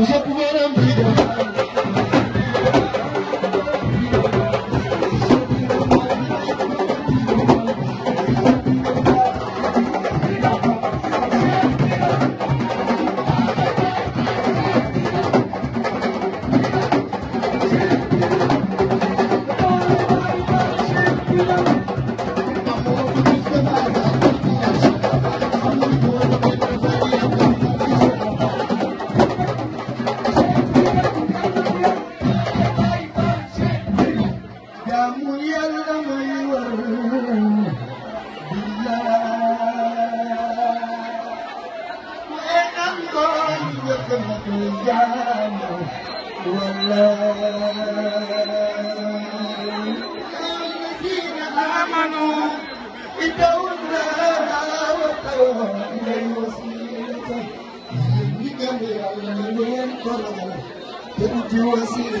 Vous pouvez remplir. أمير المؤمنين كرما تبدو سيما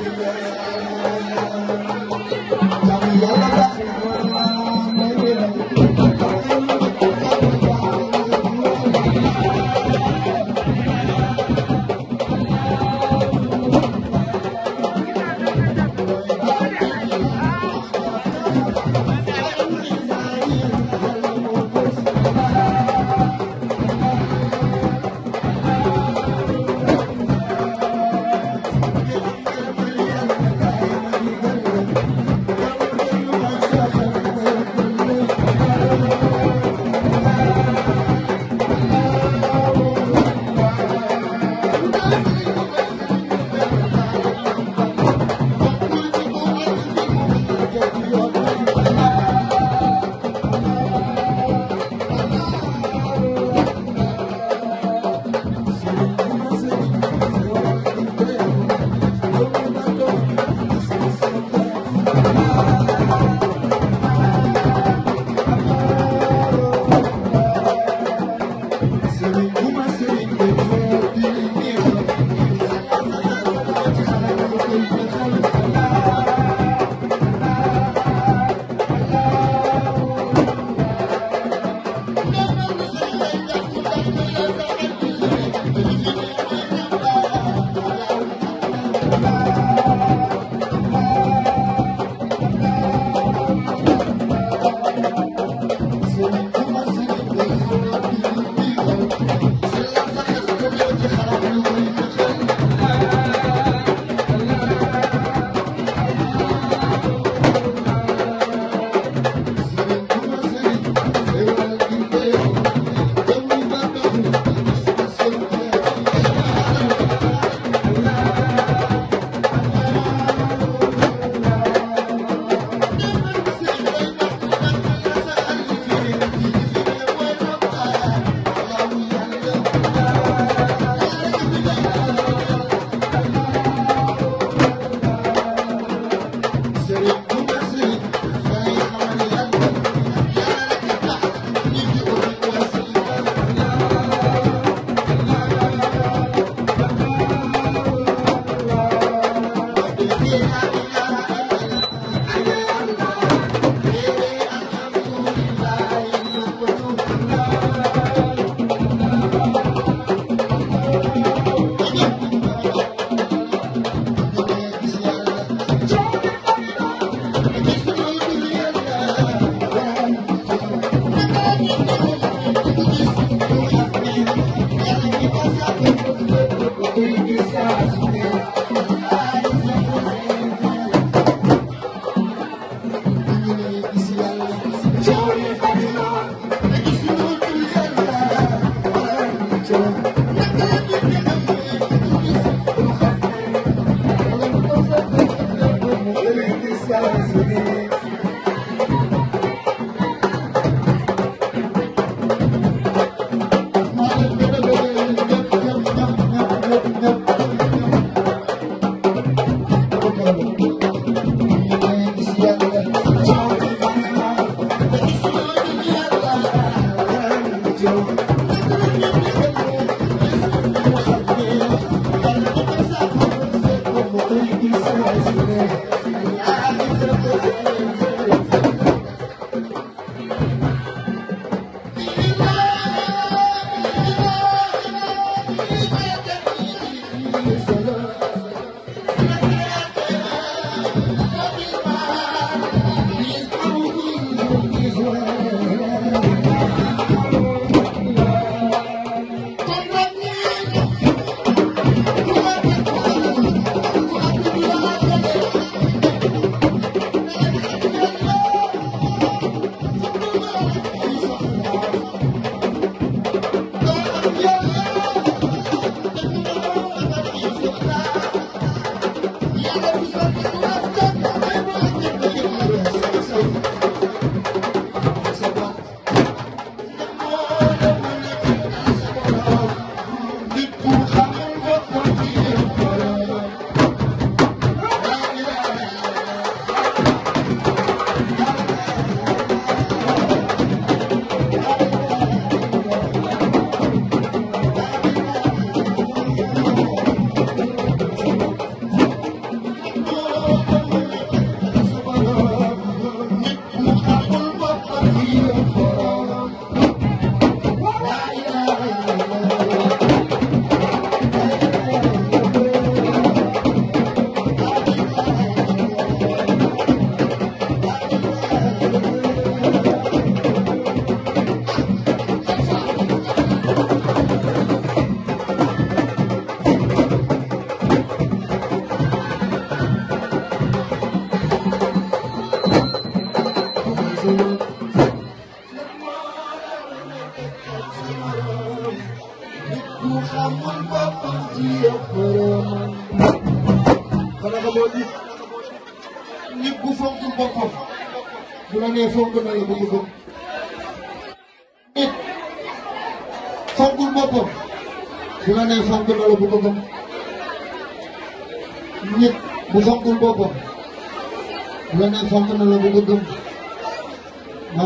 boo nee fonk na la bu ko gëm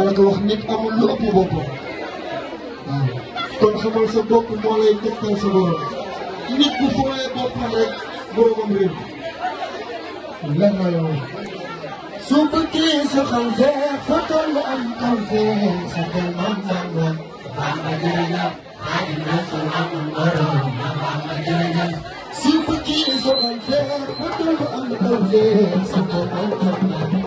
la ko wax nit amul lu ëpp boppam waaw kon xamal sa bopp moo lay tegtal sa borom nit bu fooyee boppam rek boromam réew la yow sa xol fee fa toll am xol fee sa xel man man la Bamba jërëjëf xaadim rasul amul Sympathy is what I get. Whatever I'm about, yeah. Something I'm talking about.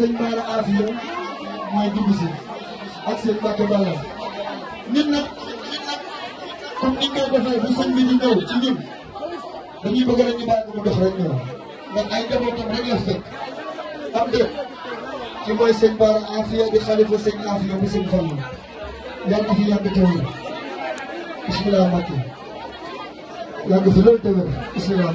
sëñ Baara Afiya mooy dugg si ak sëñ Mbacke Balla nit nag comme ni ñu koy defee bu sëñ bi di ñëw ci ñun dañuy bëgg rek ñu mu dox rek ñëw ndax ay njabootam rek la fekk am déet ci mooy sëñ Baara Afiya di xalifa sëñ Afiya bu sëñ Fallu yàlla na fi yàgg te wér bisimilah Mbacke yàgg fi loolu te wér bisimilah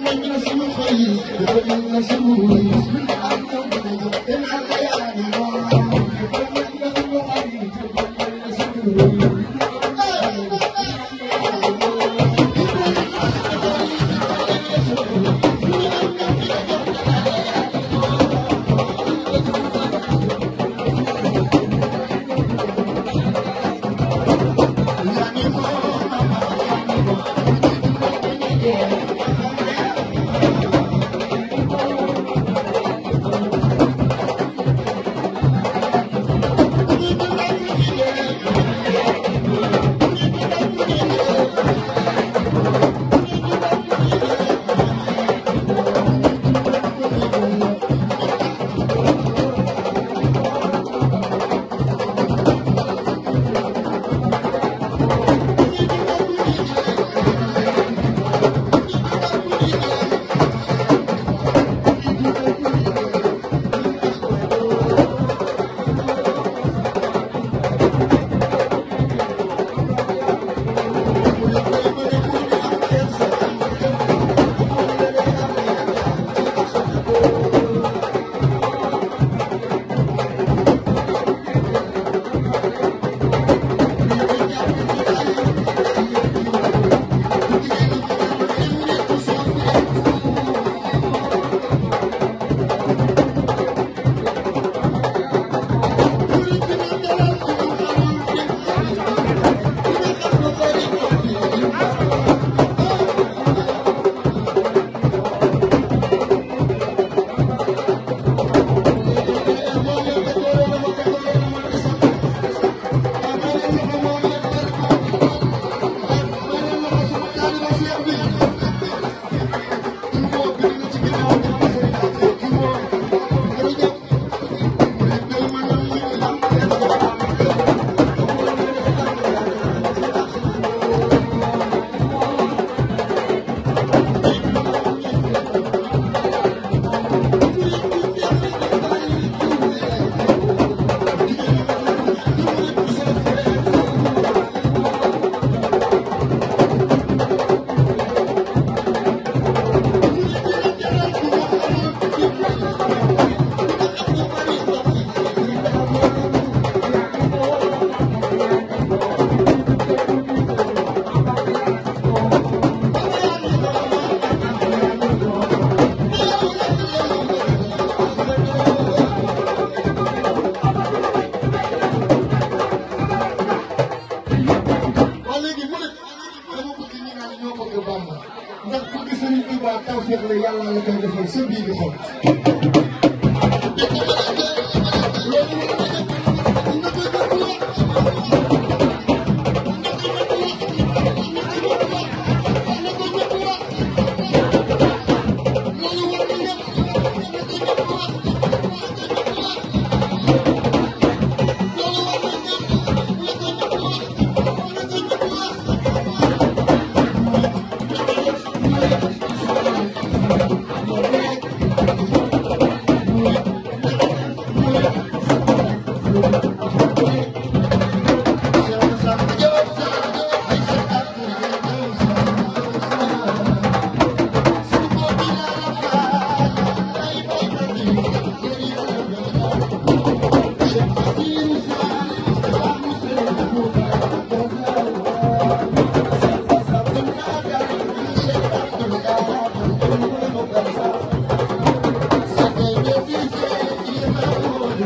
Thank you. Thank you.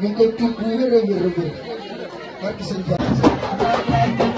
ñu ngi koy tuub bu wér a wér a